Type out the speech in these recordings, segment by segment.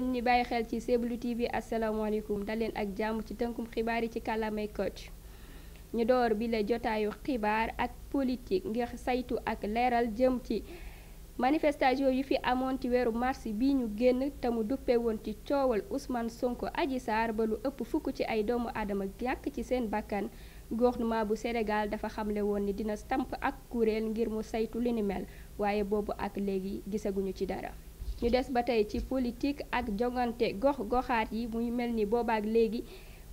yéen ñi bàyyi xel ci Séblu TV asalaamaaleykum dal leen ak jàmm ci tënkum xibaar yi ci kàllaamay Kocc ñu door bi la jotaayu xibaar ak politique ngir saytu ak leeral jëm ci manifestation yu fi amoon ci weeru mars bi ñu génn te mu duppe woon ci coowal Ousmane Sonko aji Sarr ba lu ëpp fukk ci ay doomu aadama ñàkk ci seen bakkan gouvernement bu Sénégal dafa xamle woon ni dina stamp ak kuréel ngir mu saytu li ni mel waaye boobu ak léegi gisaguñu ci dara. ñu des ba tey ci politique ak jongante gox goxaat yi muy mel ni boobaak léegi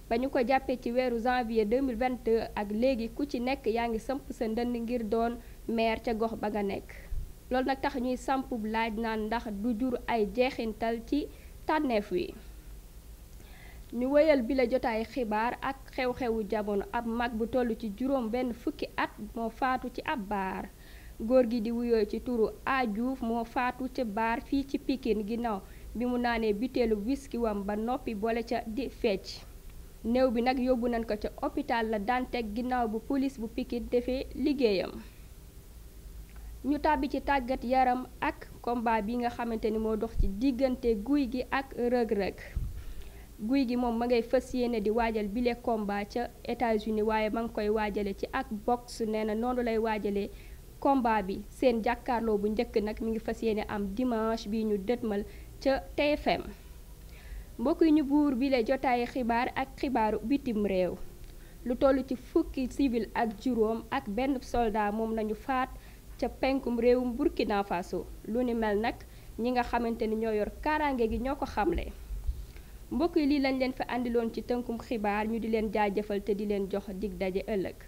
ba ñu ko jàppee ci weeru janvier 2022 ak léegi ku ci nekk yaa ngi samp sa ndënd ngir doon maire ca gox ba nga nekk loolu nag tax ñuy sampub laaj naan ndax du jur ay jeexintal ci tànneef wi ñu wéyal bila la jotaay xibaar ak xew-xewu jamono ab mag bu toll ci juróom benn fukki at moo faatu ci ab baar góor gi di wuyoo ci turu A moo faatu ca baar fii ci pikin ginnaaw bi mu naanee butéelu wiski wam ba noppi boole ca di fecc néew bi nag yóbbu nañ ko ca hôpital La Dantec ginnaaw bu polis bu Pikine defee liggéeyam ñu tàbbi ci tàggat yaram ak komba bi nga xamante ni moo dox ci diggante guy gi ak rëg-rëg guy gi moom ma ngay fës yéene di waajal bile combat ca États-Unis waaye ma ngi koy waajale ci ak box nee na noonu lay waajalee combat bi seen jàkkaarloo bu njëkk nag mu ngi fas yéene am dimanche bi ñu dëtmal ca TFM mbokk yi ñu buur bi la jotaayu xibaar ak xibaaru bitim réew lu toll ci fukki civil ak juróom ak benn soldat moom lañu faat ca penkum réewum Burkina Faso lu ni mel nag ñi nga xamante ni ñoo yor karaange gi ñoo ko xamle mbokk lii lañ leen fi indiloon ci tenkum xibaar ñu di leen jaajëfal te di leen jox dig daje ëllëg